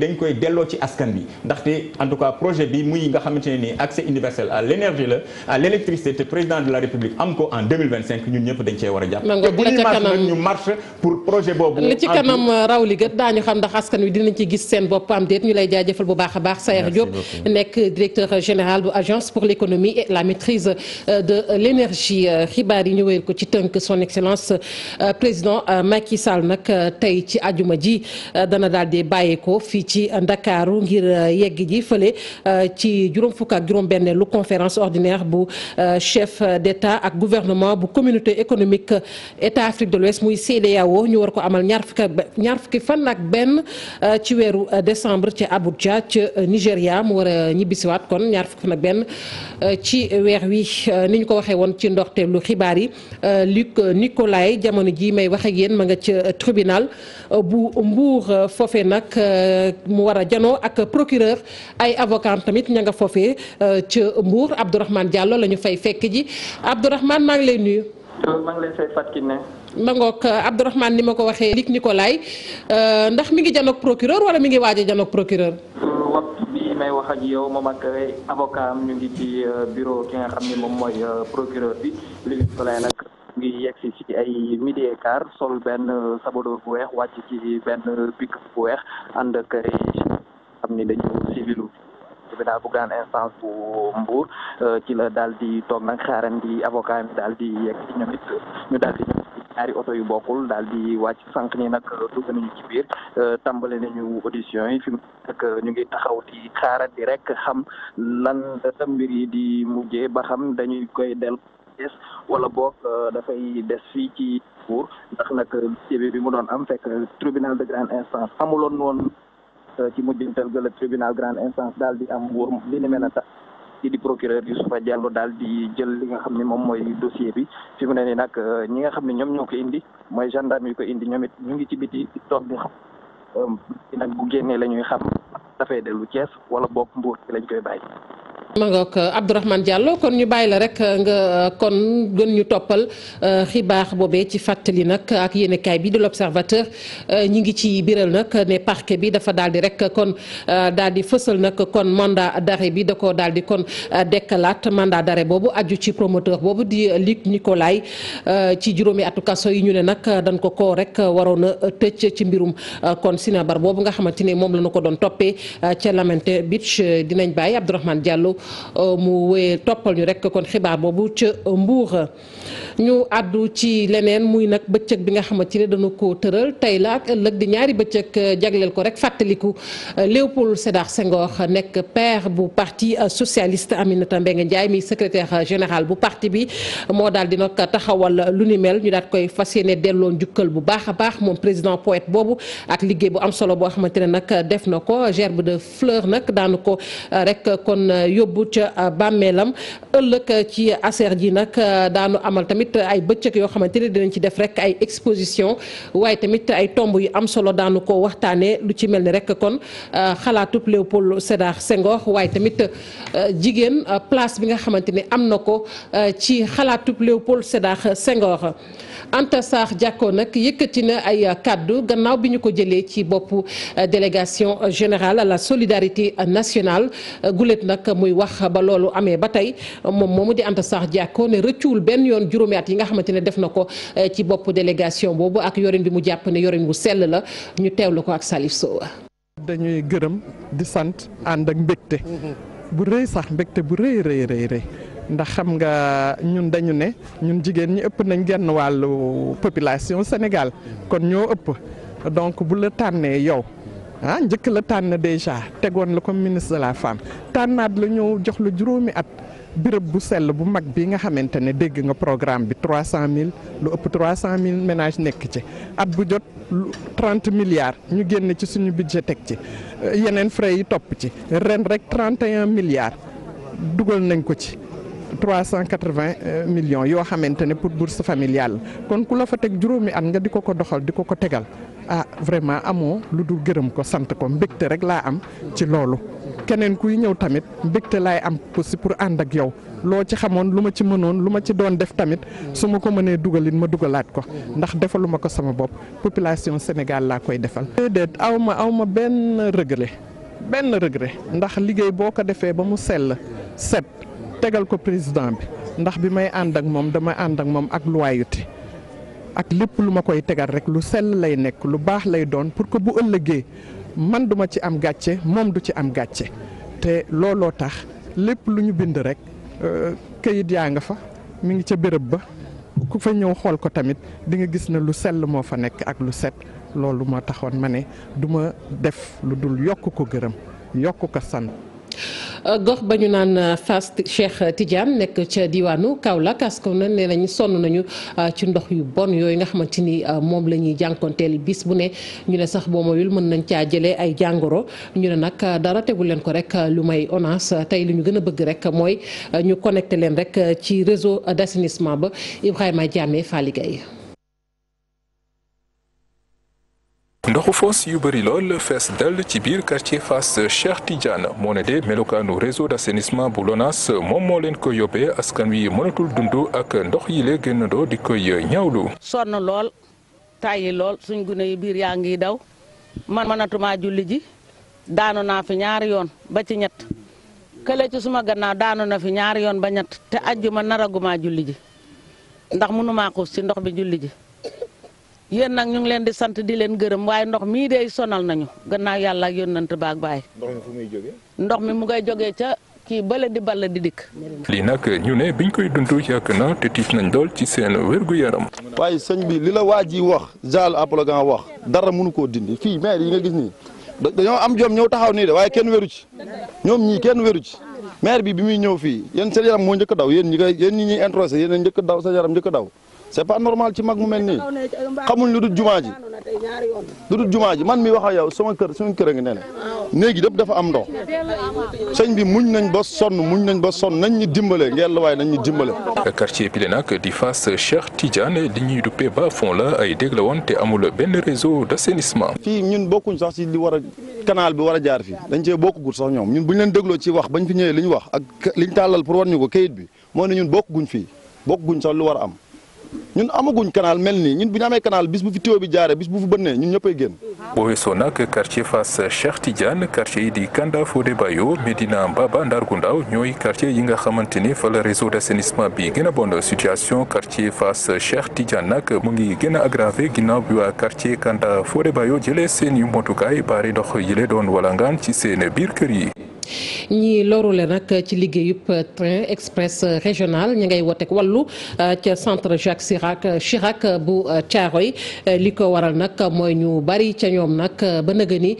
dañ koy delloo ci askan bi ndaxte en tout cas projet bi muy nga xamante ne ni accès universel à l' la à l' te président de la république am ko en 2025 ñëpp dañ cee war a jàpp te bu ñuy marche nag ñu marche pour projet boobu li ëllëg daañu xam ndax askan wi dinañ ci gis seen bopp am déet ñu lay jaajëfal bu baax a baax Saer Diop nekk directeur général bu agence pour l'économie et la maîtrise euh, de l'énergie euh, xibaar yi ñu ko ci tënk son excellence euh, président Macky Sall nag tey ci ajuma ji dana daal di ko fii ci Ndakaaru ngir yegg ji fële ci juróom fukk ak juróom benn lu conférence ordinaire bu chef d'État ak gouvernement bu communauté économique État Afrique de l'Ouest muy CEDEAO fan ak benn euh, ci weeru euh, décembre ca Abuja ca euh, Nigéria mu war a ñibbisiwaat kon ñaar fukk nag ak benn ci weex wi ni ñu ko waxee woon ci ndoxte ndoxteelu xibaar yi Luc Nicolaï jamono ji may waxee ak yéen ma nga ca tribunal bu Mbour foofe nag mu war a janoo ak procureur ay avocat tamit ña nga foofe ca Mbour Abdourahmane Diallo la ñu fay fekk ji Abdourahmane maa ngi lay mangook euh, Abdourahmane ni ma ko waxee Luc Nicolaï euh, ndax mi ngi janoog procureur wala mi ngi waaj a janoog procureur. waxtu may wax ak yow moom ak avocat am ñu ngi ci euh, bureau nga xam ne moom mooy procureur bi Luc Nicolaï nag. ngi yegsi ci ay midi car quart sol benn sabadoor bu weex wàcc ci benn pick bu weex ànd ak xam ni dañu civilu tribunal bu grande instance bu Mbour euh, ci la daal di toog nag xaarandi avocat mi daal di yegg ci ñoom ñu daal di ñaari oto yu bokkul daal di wàcc sànq ni nag euh, dugg nañu ci biir euh, tàmbale nañu audition yi fi mu ñu ngi taxaw di xaarandi rek xam lan la mbir yi di mujjee ba xam dañuy koy del des wala boog dafay des fii ci Mbour ndax nag jébe bi mu doon am fekk tribunal de grande instance amuloon woon Euh, ci mujjantal ga la tribunal grande instance daal di am wóor li ni mel a tax ci di procureur Youssoufa Diallo daal di jël li nga xam ni moom mooy dossier bi fi mu ne nii nag euh, ñi nga xam ne ñoom ñoo ko indi mooy gendarme yu ko indi ñoomit ñu ngi ci biti toog di xam euh, nag bu génnee la ñuy xam dafay dellu cees wala boog Mbour ci lañ koy bàyyi. ma ngoog euh, Abdourahmane Diallo kon ñu bàyyi la rek euh, nga euh, kon gën ñu toppal xibaar boobee ci fàttali nag ak yéenekaay bi de l'Observateur ñi ngi ci biral nag ne parquet bi dafa daal di rek kon daal di fësal nag kon mandat d'arrêt bi da ko daal di kon dekkalaat mandat d'arrêt boobu aju ci promoteur boobu di Luc Nicolaï ci juróomi atu kaso yi ñu ne nag dañ ko koo rek waroon a tëcc ci mbirum kon Sinabar boobu nga xamante ne moom la ko doon toppee ca Lamente Beach dinañ bàyyi Abdourahmane Diallo. Euh, mu wéyee toppal ñu rek kon xibaar boobu ca euh, Mbour. ñu àddu ci leneen muy nag bëccëg bi nga xamante ne dana ko tëral tey la ak di ñaari bëccëg euh, jagleel ko rek fàttaliku Léopold Sédar Senghor nekk père bu parti socialiste Aminata Mbengue njaay mi secretaire général bu parti bi moo daal di nag taxawal lu ni mel ñu daat koy fas yéene delloo njukkal bu baax a baax moom président poète boobu ak liggéey bu am solo boo xamante ne nag def na ko gerbe de fleur nag daanu ko yóbbu ca euh, bàmmeelam ëllëg euh, ci aser ji nag euh, daanu amal tamit ay bëccëg yoo xamante ni dinañ ci def rek ay exposition waaye tamit ay tomb yu am solo daanu ko waxtaanee lu ci mel ni rek kon xalaatub Léopold Sédar Senghor waaye tamit jigéen place bi nga xamante ni am na ko ci xalaatub Léopold Sédar sengoor Anta Sarr Diacko nag yëkkati na ay kàddu gannaaw bi ñu ko jëlee ci boppu délégation générale à la solidarité nationale gulet nag muy wax ba loolu amee ba tey moom mu di Anta Sarr Diacko ne rëccuwul benn yoon juróomi at yi nga xamante ne def na ko eh, ci bopp délégation boobu ak yorin bi mu jàpp ne yorin bu sell la ñu teewlu ko ak Salif Sow. dañuy gërëm di sant ànd ak mbégte. bu rëy sax mbégte bu rëy rëy ndax xam nga ñun dañu ne ñun jigéen ñi ëpp nañ genn wàllu population Sénégal kon ñoo ëpp donc bu la tànnee yow. ah njëkk la tànn déjà tegoon la ko ministre de la femme tànnaat la ñëw jox la juróomi at béréb bu sell bu mag bi nga xamante ne dégg nga programme bi cent 300000 lu ëpp 300000 ménages nekk ci at bu jot 30 milliards ñu génn ci suñu budget teg ci euh, yeneen frais yi topp ci ren rek 31 milliards dugal nañ ko ci. cent 380 euh, millions yoo xamante ne pour bourse familiale kon ku la fa teg juróomi at nga di ko ko doxal di ko ko tegal ah vraiment amoo lu dul gërëm ko sant ko mbégte rek laa am ci loolu keneen kuy ñëw tamit mbégte laay am aussi pour ànd ak yow loo ci xamoon lu ma ci mënoon lu ma ci doon def tamit su ma ko mënee dugalin ma dugalaat ko ndax defaluma ko sama bopp population Sénégal laa koy defal. déedéet aw ma aw ma benn regret benn regret ndax liggéey boo ko defee ba mu sell set tegal ko président bi ndax bi may ànd ak moom dama ànd ak moom ak loyauté ak lépp lu ma koy tegal rek lu sell lay nekk lu baax lay doon pour que bu ëllëgee man duma ci am gàcce moom du ci am gàcce te looloo tax lépp lu ñu bind rek euh, këyit yaa nga fa mu ngi ca béréb ba ku fa ñëw xool ko tamit di nga gis ne lu sell moo fa nekk ak lu set loolu moo taxoon ma ne duma def lu dul yokk ko gërëm yokk ko sant Euh, gox ba ñu naan euh, Fass Cheikh Tidiane nekk ca diwaanu Kaolack askan na nee nañ sonn nañu euh, ci ndox yu bon yooyu nga xamante ni moom la ñuy jànkonteel bis bu ne ñu ne sax boo moyul mën nañ caa jëlee ay jàngoro ñu ne nag dara tegu leen ko rek lu may ONAS tey li ñu gën a bëgg rek mooy ñu connecté leen rek ci réseau d'assainissement ba Ibrahima Diame Faligay ndoxu foos yu bari lool fees dal ci biir quartier Fass Cheikh Tidiane moo ne de melokaanu réseau d'assainissement bu LONASE moom moo leen ko yóbbee askan wi mënatul dund ak ndox yi lee génnandoo di koy ñaawlu. sonn lool tàyyi lool suñ gune yi biir yaa ngi daw man mënatuma julli ji daanu naa fi ñaari yoon ba ci ñett kële ci suma gannaaw daanu na fi ñaari yoon ba ñett te ajjuma naraguma julli ji ndax mënumaa xuus ci ndox bi julli ji. yéen nag ñu ngi leen di sant di leen gërëm waaye ndox mii de sonal nañu gannaaw yàlla ak yónnante baag baay. ndox mi fu muy mu ngay jógee ca. kii bala di bala di dikk. lii nag ñu ne biñ koy dund yàgg na te tiit nañ dool ci seen wérgu yaram. waaye sëñ bi li la waa ji wax Jaal apologan wax dara mënu koo dindi fii maire yi nga gis nii dañoo am jom ñëw taxaw nii de waaye kenn wéru ci ñoom ñii kenn wéru ci maire bi bi muy ñëw fii yéen seen yaram moo njëkk daw yéen ñi koy yéen ñi ñuy introsé yéen njëkk daw seen yaram njëkk daw. c'est pas normal ci mag mu mel nii xamuñ lu du jumaa ji lu jumaa ji man mi wax ak yow sama kër suñu kër a ngi ne néegi dëpp dafa am ndox sëñ bi muñ nañ ba sonn muñ nañ ba sonn nañ ñu dimbale ngeen la waaye nañ ñu dimbale. quartier bi nag di face Cheikh Tidiane li ñuy duppee ba fond la ay dégg la woon te amul benn réseau d'assainissement. fii ñun bokkuñ sax si li war a canal bi war a jaar fii dañ bokk bokkugul sax ñoom ñun bu ñu leen dégloo ci wax bañ fi ñëwee li ñu wax ak liñ tàllal pour war ñu ko kayit bi moo ne ñun bokkuñ fii bokkuñ sax lu war a am. ñun amaguñ canal mel nii ñun bu amee kanaal bis bu fi tuyau bi jaaree bis bu fi bënnee ñun ñëppay génn. boo weesoo nag quartier Fass Cheikh Tidiane quartier yi di Kanda Fodé Bayo Medina Mbaba Ndargu Ndaw ñooy quartier yi nga xamante ni fa la réseau d' assainissement bi gën a bon situation quartier fas Cheikh Tidiane nag mu ngi gën a aggravé ginnaaw bi waa quartier Kanda Fodé Bayo jëlee seen yu motukaay dox yi doon ngaan ci seen biir kër yi. ñi lorule nag ci liggéeyub euh, train express régional ñi ngay woteek wàllu euh, ca centre Jacques Chirac euh, Chirac bu Thiaroye li ko waral nag mooy ñu bari ca ñoom nag ba nëga ni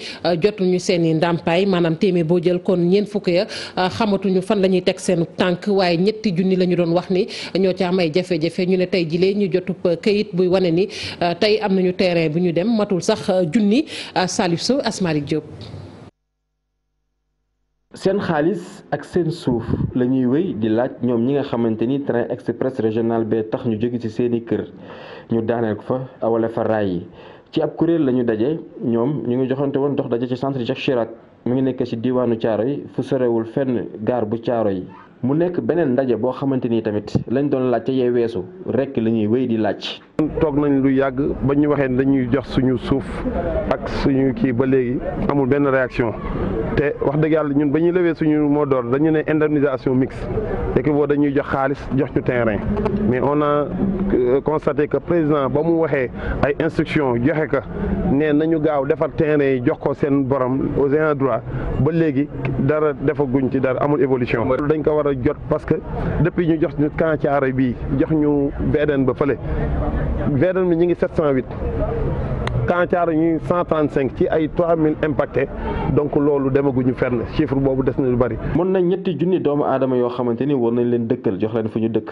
jotuñu seen i ndàmpaay maanaam téeméer boo jël kon ñeent fukk ya xamatuñu fan la ñuy teg seen tànk waaye ñetti junni la ñu doon wax ni ñoo ca am ay jafe-jafe ñu ne tey jilee ñu jotub këyit buy wane ni tey am nañu terrain bu ñu dem matul sax junni Salif Sow Asmalik Diop seen xaalis ak seen suuf la ñuy wéy di laaj ñoom ñi nga xamante ni train express régional bee tax ñu jóge ci seeni kër ñu daaneel fa wala fa raay yi ci ab kuréel la ñu daje ñoom ñu ngi joxante woon dox daje ci centre Jacques Chirac mu ngi nekk ci diwaanu Thiaroye fu sorewul fenn gaar bu caaro yi mu nekk beneen ndaje boo xamante ni tamit lañ doon laaj ca yee weesu rek la ñuy wéy di laaj. toog nañ lu yàgg ba ñu waxee dañuy jox suñu suuf ak suñu kii ba léegi amul benn réaction te wax dëgg yàlla ñun ba ñuy lewee suñu moo door dañu ne indemnisation mixte et que boo dañuy jox xaalis jox ñu terrain mais on a euh, constaté que président ba mu waxee ay instruction joxe ka ne nañu gaaw defar terrain yi jox ko seen borom aux ayants droit ba léegi dara defaguñ ci dara amul évolution dañ ko war a jot parce que depuis ñu jox ñu camp Thiaroye bii jox ñu VDN ba fële VDN bi ñu ngi 708 camp Thiaroye ñu ngi 135 ci ay 3000 impacte donc loolu demaguñu fenn chiffre boobu des na lu bari. mën nañ ñetti junni doomu aadama yoo xamante ni war nañ leen dëkkal jox leen fu ñu dëkk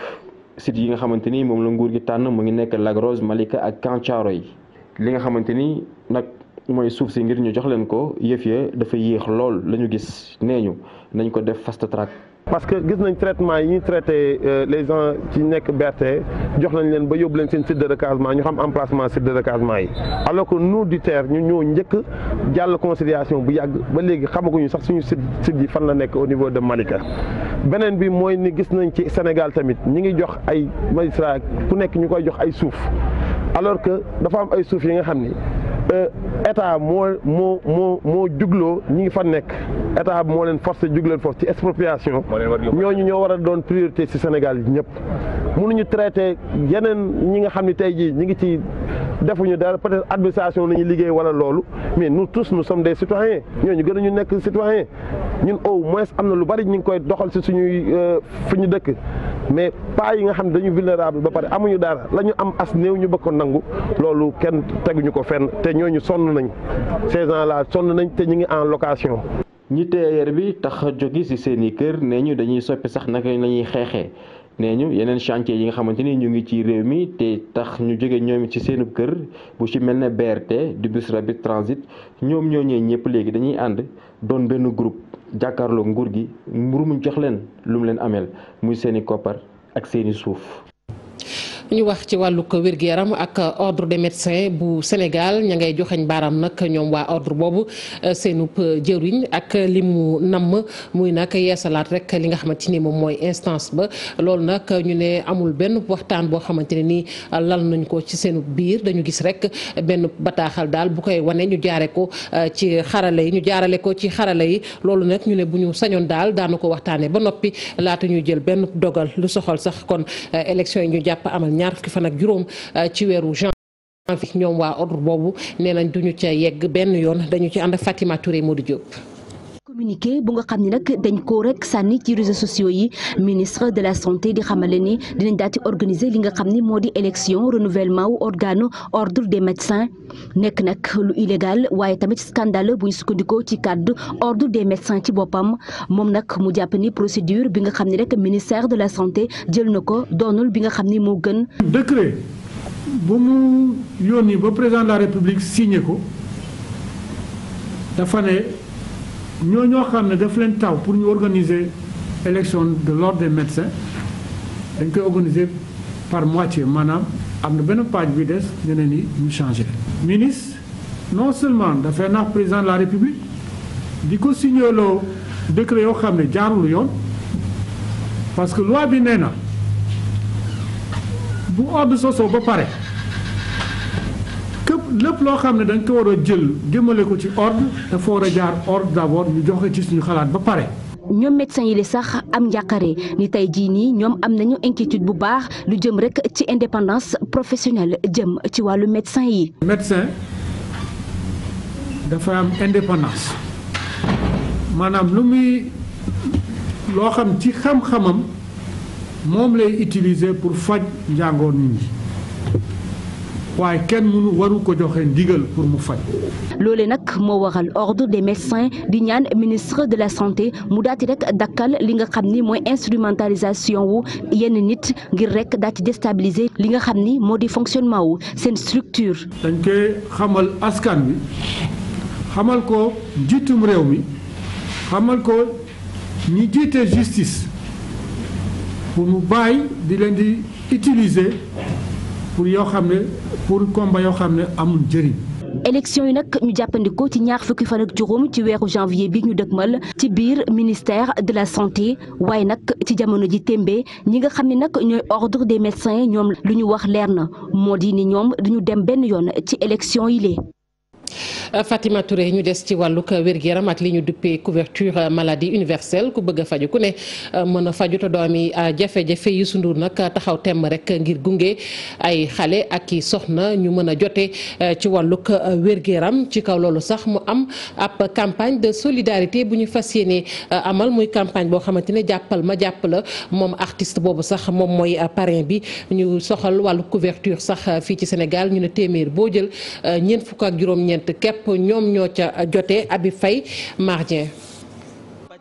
site yi nga xamante ni moom la nguur gi tànn mu ngi nekk Lac Rose Malika ak camp Thiaroye yi li nga xamante ni nag. mooy suuf si ngir ñu jox leen ko yëf ya dafa yéex lool la ñu gis nee ñu nañ ko def fast track. parce que gis nañ traitement yi ñu traité euh, les gens ci nekk berte jox nañ leen ba yóbbu leen seen site de recasement ñu xam emplacement site de recasement yi alors que nous du TER ñu ñoo njëkk jàll conciliation bu yàgg ba léegi xamaguñu sax suñu site site yi fan la nekk au niveau de Malika. beneen bi mooy ni gis nañ ci Sénégal tamit ñu ngi jox ay magistrat ku nekk ñu koy jox ay suuf alors que dafa am ay suuf yi nga xam ni. état moo moo moo moo jugloo ñi ngi fa nekk état bi moo leen force jugleen foofu ci expropriation ñooñu ñoo war a doon priorité si Sénégal yi ñëpp ñu traité yeneen ñi nga xam ne tey jii ñi ngi ci defuñu dara peut-être administration la ñuy liggéey wala loolu mais nous tous nous sommes des citoyens ñooñu gën a ñu nekk citoyen ñun au moins am na lu bari ñu ngi koy doxal si suñuy euh, fu ñu dëkk mais pas yi nga xam ne dañu vulnérable ba pare amuñu dara la ñu am as néew ñu bëgg ko loolu kenn ñooñu sonn nañ ces gens là sonn nañ te ñu ngi en location. ñi TER bi tax a jógi ci seen i kër nee ñu dañuy soppe sax naka la ñuy xeexee nee ñu yeneen chantier yi nga xamante ni ñu ngi ci réew mi te tax ñu jóge ñoom ci seenu kër bu ci mel ne BRT du bus rapid transit ñoom ñooñee ñëpp léegi dañuy ànd doon benn groupe jàkkarloo nguur gi mburu mu jox leen lu mu leen ameel muy seen i koppar ak seeni suuf. ñu wax ci wàllug wér-gu-yaram ak ordre des médecins bu Sénégal ña ngay joxeñ baaraam nag ñoom waa ordre boobu euh, seenub euh, jëriñ ak li mu namm muy nag yeesalaat rek li nga xamante ni moom mooy instance ba loolu nag ñu ne amul benn waxtaan boo xamante ne nii lal nañ ko ci seenub biir dañu gis rek benn bataaxal daal bu koy wane ñu jaare ko euh, ci xarala yi ñu jaarale ko ci xarala yi loolu nag ñu ne bu ñu sañoon daal daanu ko waxtaanee ba noppi laata ñuy jël benn dogal ñaar fukki fan juróom euh, ci weeru jan fi ñoom waa ordre boobu nee nañ duñu ca yegg benn yoon dañu ci ànd ak Fatima Touré Modou communiqué bu nga xam ne nag dañ koo rek sànni ci réseaux sociaux yi ministre de la santé di xamale ni dinañ daal ci organiser li nga xam ni moo di élection renouvellement wu organe ordre des médecins nekk nag lu illégal waaye tamit scandale bu ñu sukkandikoo ci kàddu ordre des médecins ci boppam moom nag mu jàpp ni procédure bi nga xam ni rek ministère de la santé jël na ko doonul bi nga xam ni moo gën. décret bu mu yónni ba président de la république signé ko ñoo ñoo xam ne daf leen taw pour ñu organiser élection de l'ordre des médecins dañ koy organiser par moitié maanaam am na benn pàcc bi des ñeneen yi ñu changé. ministre non seulement dafay naa président la république di ko signaloo décret yoo xam ne jaarul yoon parce que loi bi nee na bu ordre sosoo ba pare. lépp loo xam ne dañ ko war a jël jëmale ko ci ordre dafa war a jaar ordre d'abord ñu joxe ci suñu xalaat ba pare. ñoom médecins yi sax am njàqare ni tey jii nii ñoom am nañu inquiétude bu baax lu jëm rek ci indépendance professionnelle jëm ci wàllu médecin yi. médecin dafa am indépendance maanaam lu muy loo xam ci xam-xamam moom lay utiliser pour faj njàngoor nit ñi. waaye kenn mënu waru ko joxe ndigal pour mu faj. loole nag moo waral ordre des médecins di ñaan ministre de la santé mu daati rek dakkal li nga xam ni mooy instrumentalisation wu yenn nit ngir rek daati déstabiliser li nga xam ni moo di fonctionnement wu seen structure. dañ koy xamal askan bi xamal ko njiitum réew mi xamal ko ñi jiite justice pour mu bàyyi di leen di utiliser. pour yoo xam ne pour combat yoo xam ne amul njëriñ. élection yi nag ñu jàppandikoo ci ñaar fukki fan ak juróom ci weeru janvier bi ñu dëgmal ci biir ministère de la santé waaye nag ci jamono ji témbee ñi nga xam ni nag ñooy ordre des médecins ñoom lu ñu wax leer na moo di ni ñoom dañu dem benn yoon ci élection yi lee fatimature yi ñu des ci wàllug wér-gu-yaram ak li ñu duppee couverture euh, maladie universelle ku bëgg faju ku ne euh, mën a faju te doomi euh, jafe-jafe yi sundur nag taxaw temm rek ngir gunge ay xale ak i soxna ñu mën a jote ci wàllug wér-gu-yaram ci kaw loolu sax mu am ab campagne de solidarité bu ñu fas yéene amal muy campagne boo xamante ne jàppal ma jàpp la moom artist boobu sax moom mooy parrain bi ñu soxal wàllu couverture sax fii ci Sénégal ñu ne téeméer boo jël ñeent fukk ñeent képp ñoom ñoo ca jotee Abi Faye Mardien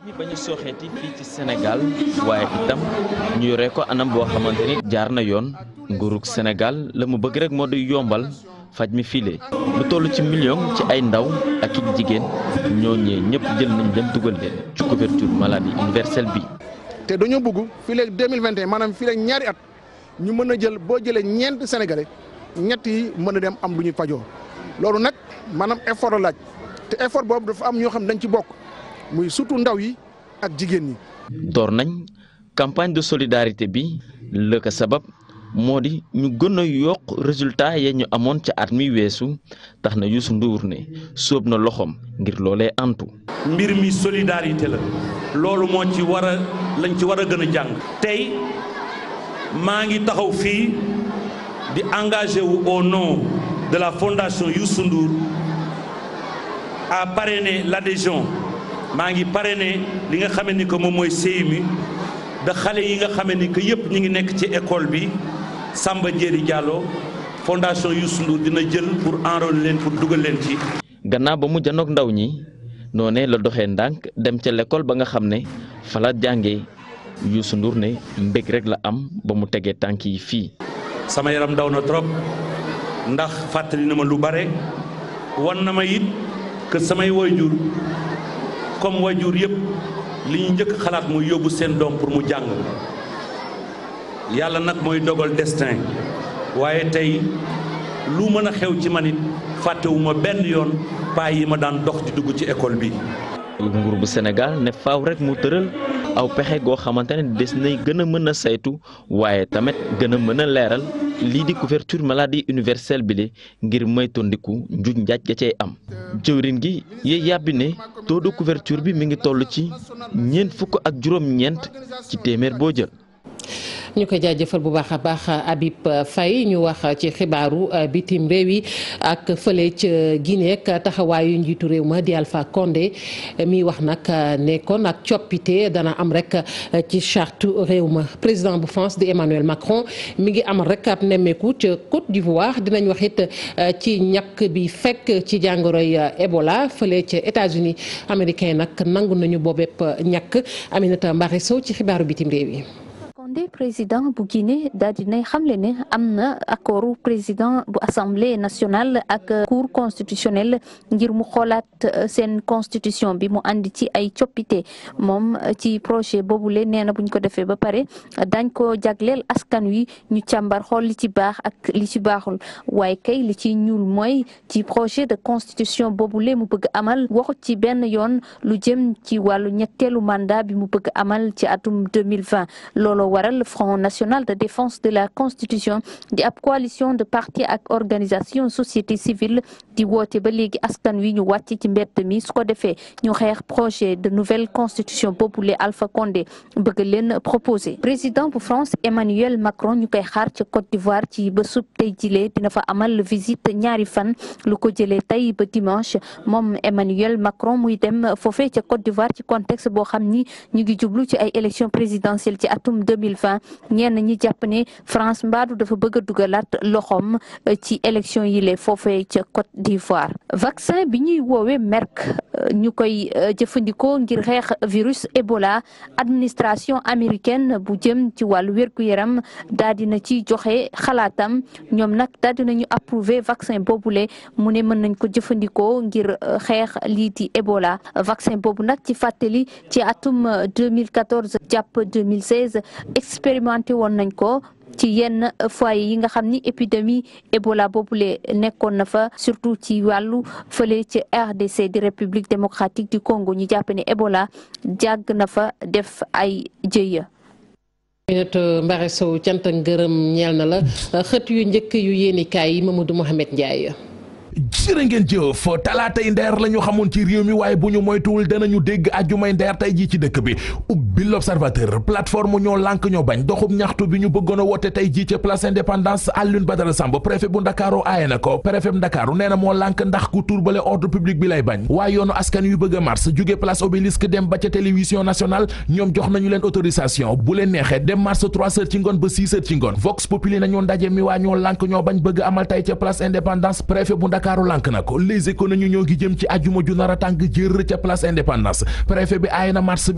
ñi bañ a sooxeeti fii ci Sénégal waaye itam ñu yore ko anam boo xamante jaar na yoon nguurug senegal la mu bëgg rek moo di yombal faj mi fiile lu toll ci million ci ay ndaw ak i jigéen ñoo ñooñee ñëpp jël nañ leen dugal leen ci couverture maladie universelle bi. te dañoo bëgg fii léegi 2021 maanaam fii léegi ñaari at ñu mën a jël boo jëlee ñeent Sénégalais ñetti mën a dem am lu ñuy fajoo. loolu nag maanaam effort la laaj te effort boobu dafa am ñoo xam dañ ci bokk muy surtout ndaw yi ak jigéen ñi. door nañ campagne de solidarité bi la ko sabab moo di ñu gën a yokk résultat ya ñu amoon ca at mi weesu tax na Youssou Ndour ne sóob na loxoom ngir loolee antu. mbir mi solidarité la loolu moo ci war a lañ ci war a gën a jàng. tey maa ngi taxaw fii di engagé wu au nom. de la Fondation Youssou Ndour a parrainé l'adhésion maa ngi pare parrainé li nga xamee ni que moom mooy CMU ba xale yi nga xame ni que yëpp ñu ngi nekk ci école bi Samba Diéry Diallo Fondation yu Ndour dina jël pour enrôler leen pour dugal leen ci. gannaaw ba mu janoog ndaw ñi noonee la doxee ndànk dem ca lekkool ba nga xam ne fa la jàngee Youssou Ndour ne mbég rek la am ba mu tegee tànk yi fii. sama yaram ndaw na trop. ndax fàttali na ma lu bare wan na ma it que samay wayjur comme wayjur yëpp li ñu njëkk xalaat mu yóbbu seen doom pour mu jàng yàlla nag mooy dogal destin waaye tey lu mën a xew ci man it fàttewuma benn yoon paay yi ma daan dox di dugg ci école bi nguur bu Sénégal ne faaw rek mu tëral aw pexe goo xamante ne des nay gën a mën a saytu waaye tamit gën a mën a leeral lii di couverture maladie universel bi li ngir moytandiku njuuj njaaj ga cay am jëwrin gi yee yàbbi ne taux de couverture bi mi ngi toll ci ñeent fukk ak juróom-ñeent ci téeméer boo jël ñu koy jaajëfal bu baax a baax abib Faye ñu wax ci xibaaru euh, bitim réew yi ak fële ca Guinée ak taxawaayu njiitu réew ma di Alpha Condé mi wax nag ne kon ak coppite dana am rek ci charte réew ma président bu France di Emmanuel Macron mi ngi am rek ab nemmeeku ca Côte d'Ivoire dinañ wax it euh, ci ñàkk bi fekk ci jàngoroy ébola euh, fële ca États-Unis américain nag nangu nañu boobeeb ñàkk Aminata Mbaxe Sow ci xibaaru bitim réew yi Condé président bu Guinée daal dinay xamle ne am na accordu président bu assemblée nationale ak cour constitutionnelle ngir mu xoolaat euh, seen constitution bi mu andi ci ay coppite moom euh, ci projet boobule nee na buñ ko defee ba pare euh, dañ ko jagleel askan wi ñu càmbar xool li ci baax ak li ci baaxul waaye kay li ci ñuul mooy ci projet de constitution lee mu bëgg amal waxu ci benn yoon lu jëm ci wàllu ñetteelu mandat bi mu bëgg amal ci atum 2020 looloo waral front national de défense de la constitution di ab coalition de parti ak organisation société civile di woote ba léegi askan wi ñu wàcc ci mbedd mi su ko defee ñu xeex projet de nouvelle constitution boobule Alpha Condé bëgg leen proposé président bu France Emmanuel Macron ñu koy xaar ci Côte d'Ivoire ci ba sub tey jilee dina fa amal visite ñaari fan lu ko jëlee tey ba dimanche moom Emmanuel Macron muy dem foofee ca Côte d'Ivoire ci contexte boo xam mille vingt ñenn ñi jàpp ne France mbaadu dafa bëgg a dugalaat loxoom euh, ci élection yi la foofee ca Côte d'Ivoire vaccin bi ñuy woowee Merck euh, ñu koy euh, jëfandikoo ngir xeex virus Ebola administration américaine bu jëm ci wàllu wérgu yaram daal dina ci joxe xalaatam ñoom nag daal dinañu approuvé vaccin boobule mu ne mën nañ ko jëfandikoo ngir xeex lii di Ebola vaccin boobu nag ci fàttali ci atum jàpp expérimenté woon nañ ko ci yenn foyer yi nga xam ni épidémie Ebola boobule nekkoon na fa surtout ci wàllu fële ci RDC di République démocratique du Congo ñu jàpp ne Ebola jàgg na fa def ay jëya. Aminata euh, Mbaare Sow cant ak ngërëm ñeel na la xët yu njëkk yu yéenikaay yi Mamadou Mohamed Ndiaye. jërë ngeen jëf talaatay ndeer la ñu xamoon ci réew mi waaye bu ñu moytuwul danañu dégg ajjumay ndeer tey jii ci dëkk bi ubbi l'observateur plateforme ñoo lànk ñoo bañ doxub ñaxtu bi ñu bëggoon a woote tey jii ci place indépendance Alioune Badara Samb préfet bu Ndakaaru aaye na ko préfet bu Ndakaaru nee moo lànk ndax ku turbale ordre public bi lay bañ waaye yoonu askan yu bëgg mars jóge place obélisque dem ba ca télévision nationale ñoom jox nañu leen autorisation bu leen neexee dem mars 3 ndakaaru lànk na ko les écoles nañu ñoo ngi jëm ci ajuma ju a tàng na marche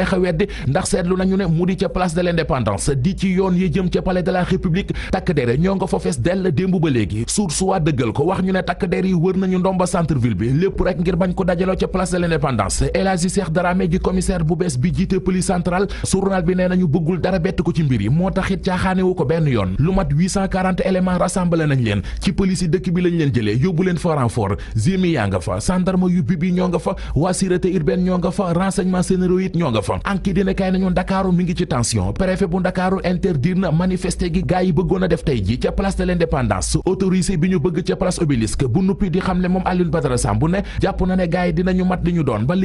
a weddi ndax seetlu nañu ne mu di ca place de l'indépendance di ci yoon yi jëm ca palais de la république takk dere ñoo nga fa dell démb ba léegi suur suwaa dëggal ko wax ñu ne takk der yi wër nañu ndomba centre bi lépp rek ngir bañ ko dajaloo ca place de l'indépendance El Hadji Cheikh ji commissaire bu bees bi jiite police centrale journal bi nee nañu bëggul dara bett ko ci mbir yi moo tax it caaxaane wu ko benn yoon lu mat 840 éléments rassemblé nañ leen ci police yi dëkk bi lañ leen jëlee yóbbu leen fa renfort yaa nga fa gendarme yu bibi ñoo nga fa waa urbaine ñoo nga fa renseignement généraux ñoo nga fa anki dina kay nañu ndakaaru mi ngi ci tension préfet bu ndakaaru interdire na manifester gi gaa yi bëggoon def tey ji ca place de l'indépendance autorisé bi ñu bëgg ca place obélisque bu nuppi di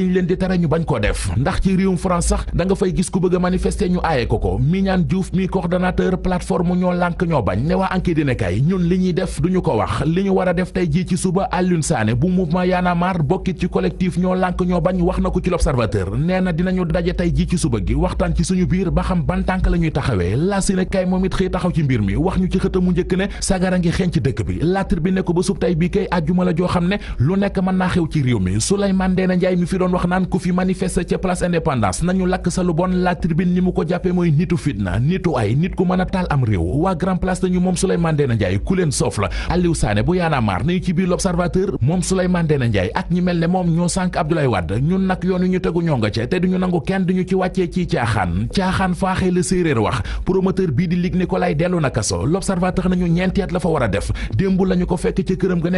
leen di tere ñu bañ koo def da nga gis ku bëgg a manifester ñu aaye ko ko Mignane Diouf mi coordonnateur plateforme ñoo lànk ñoo bañ ne waa enquête ñun li ñuy def duñu ko wax li ñu war a def tey jii ci suba Alioune Sané bu mouvement Y en a marre bokkit ci collectif ñoo lànk ñoo bañ wax na ko ci l'observateur nee na dinañu daje tey jii ci suba gi waxtaan ci suñu biir ba xam ban tànk la ñuy taxawee la si ne kay moom it xëy taxaw ci mbir mi wax ñu ci xëta mu njëkk ne sagara ngi xeeñ ci dëkk bi laatar bi bi kay àjjuma la joo xam ne lu nekk mën naa xew ci réew mi Souleymane Ndéné Ndiaye mi fi doon wax naan ku fitna nitu ay nit ku mën a taal am réew waa grand place nañu moom Souleymane Ndéné Ndiaye ku leen soof la Aliou bu yaana nañu ci biir l'observateur moom Souleymane Ndéné Ndiaye ak ñi mel ne moom ñoo sànk Abdoulaye Wade ñun nag yoon wi ñu tegu ñoo nga ca te duñu nangu kenn duñu ci wàccee ci caaxaan caaxaan faaxee la séeréer wax promoteur bii di Luc Nicolaï dellu na kaso l'observateur nañu ñeenti at war a def démb lañu ko fekk ca këram ga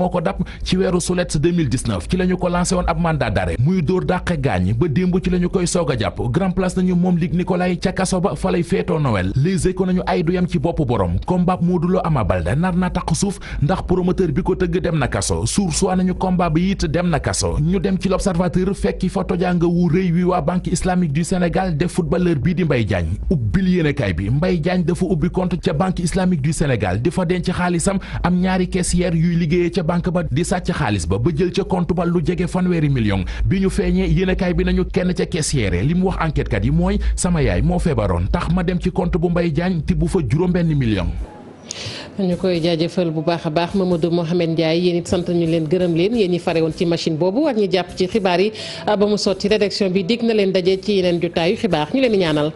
moo ko dàpp ci weeru sulet 2019 ci la ñu ko lancé woon ab mandat d'arrêt muy dóor dàqe gaañ ba démb ci la koy soog a jàpp grand place nañu moom Luc Nicolaï ca kaso ba fa lay feetoo Noël les échos nañu ay du yam ci bopp borom combat Modou Lo Ama Baldé nar naa taq suuf ndax promoteur bi ko tëgg dem na kaso suur soi nañu combat bi dem na kaso ñu dem ci l'observateur fekki fa tojanga wu rëy wi waa banque islamique du Sénégal def footballeur bi di fa banque ba di sàcc xaalis ba ba jël ca compte ba lu jege fanweeri million bi ñu feeñee yéenekaay bi nañu kenn ca caissière li mu wax enquête yi mooy sama yaay moo feebaroon tax ma dem ci compte bu Mbaye Diagne te fa juróom-benn million ñu koy jaajëfal bu baax a baax Mamadou Mohamed Ndiaye yéen it sant ñu leen gërëm leen yéen ñi fare woon ci machine boobu ak ñi jàpp ci xibaar yi ba mu sotti rédaction bi dig na leen daje ci yeneen jotaayu xibaar ñu leen